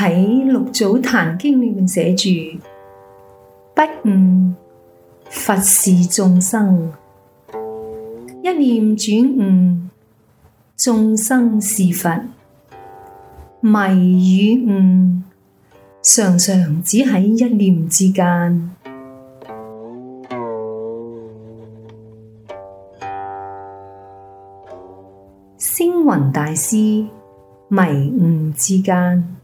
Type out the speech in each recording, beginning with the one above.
喺六祖壇經裏面寫住不悟佛是眾生，一念轉悟眾生是佛，迷與悟常常只喺一念之間。星雲大師迷悟之間。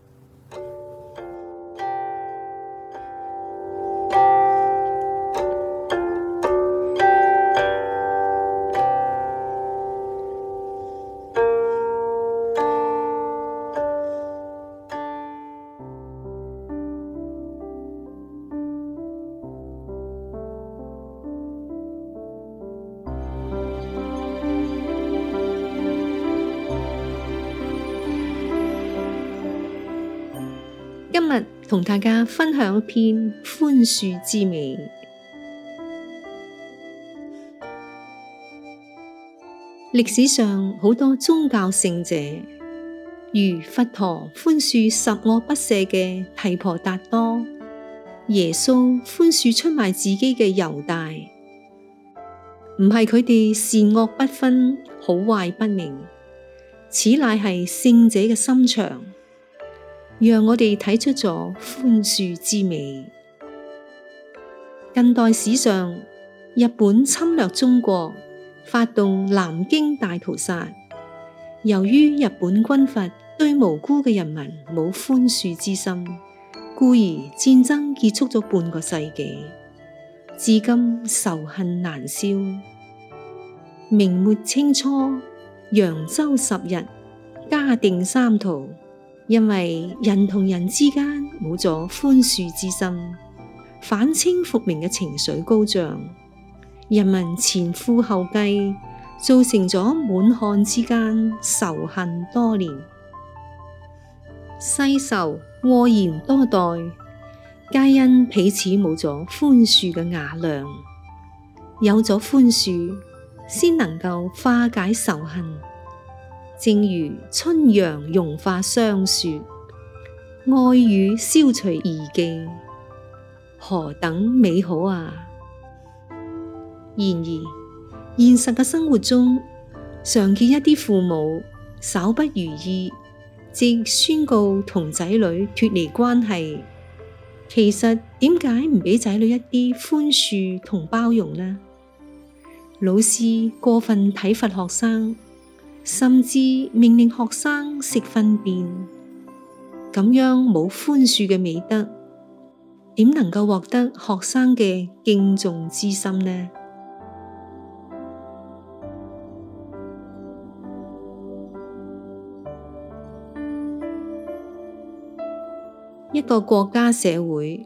今日同大家分享一篇寬恕之美。歷史上好多宗教聖者，如佛陀寬恕十惡不赦嘅提婆達多，耶穌寬恕出賣自己嘅猶大，唔係佢哋善惡不分、好壞不明，此乃係聖者嘅心腸。讓我哋睇出咗寬恕之美。近代史上，日本侵略中國，發動南京大屠殺。由於日本軍閥對無辜嘅人民冇寬恕之心，故而戰爭結束咗半個世紀，至今仇恨難消。明末清初，揚州十日，嘉定三屠。因為人同人之間冇咗寬恕之心，反清復明嘅情緒高漲，人民前赴後繼，造成咗滿漢之間仇恨多年，世仇禍延多代，皆因彼此冇咗寬恕嘅雅量，有咗寬恕，先能夠化解仇恨。正如春陽融化霜雪，愛語消除疑忌，何等美好啊！然而現實嘅生活中，常見一啲父母稍不如意，即宣告同仔女脫離關係。其實點解唔畀仔女一啲寬恕同包容呢？老師過分體罰學生。甚至命令學生食糞便，咁樣冇寬恕嘅美德，點能夠獲得學生嘅敬重之心呢？一個國家社會，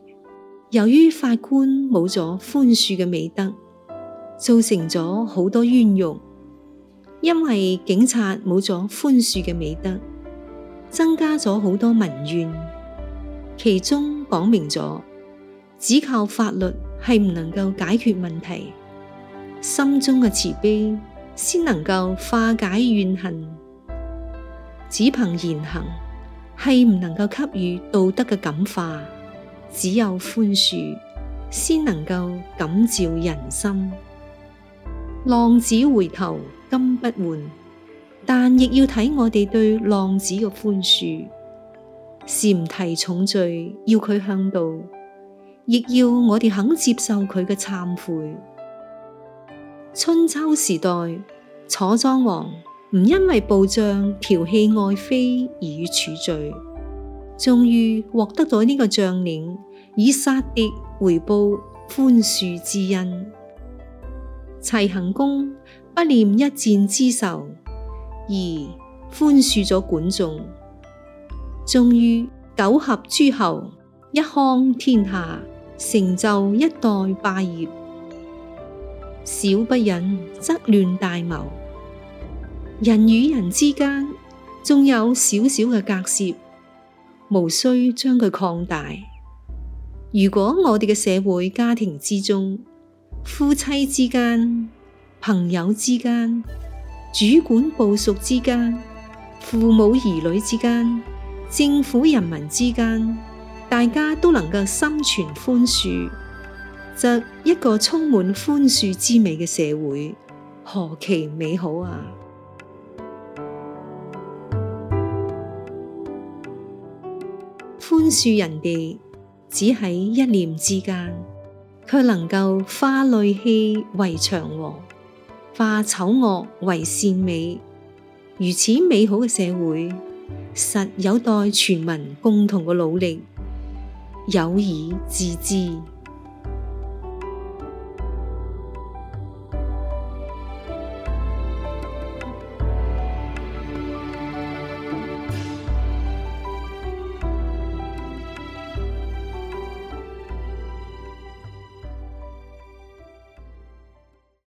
由於法官冇咗寬恕嘅美德，造成咗好多冤獄。因為警察冇咗寬恕嘅美德，增加咗好多民怨。其中講明咗，只靠法律係唔能夠解決問題，心中嘅慈悲先能夠化解怨恨。只憑言行係唔能夠給予道德嘅感化，只有寬恕先能夠感召人心。浪子回頭金不換，但亦要睇我哋對浪子嘅寬恕。闡提重罪，要佢向道，亦要我哋肯接受佢嘅懺悔。春秋時代，楚莊王唔因為部將調戲愛妃而處罪，終於獲得咗呢個將領，以殺敵回報寬恕之恩。齊桓公不念一箭之仇，而寬恕咗管仲，終於九合諸侯，一匡天下，成就一代霸業。小不忍則亂大謀，人與人之間仲有小小嘅隔涉，無需將佢擴大。如果我哋嘅社會、家庭之中，夫妻之間、朋友之間、主管部屬之間、父母兒女之間、政府人民之間，大家都能夠心存寬恕，則一個充滿寬恕之美嘅社會，何其美好啊！寬恕人哋，只喺一念之間。卻能夠化戾氣為祥和，化醜惡為善美。如此美好嘅社會，實有待全民共同嘅努力，有以致之。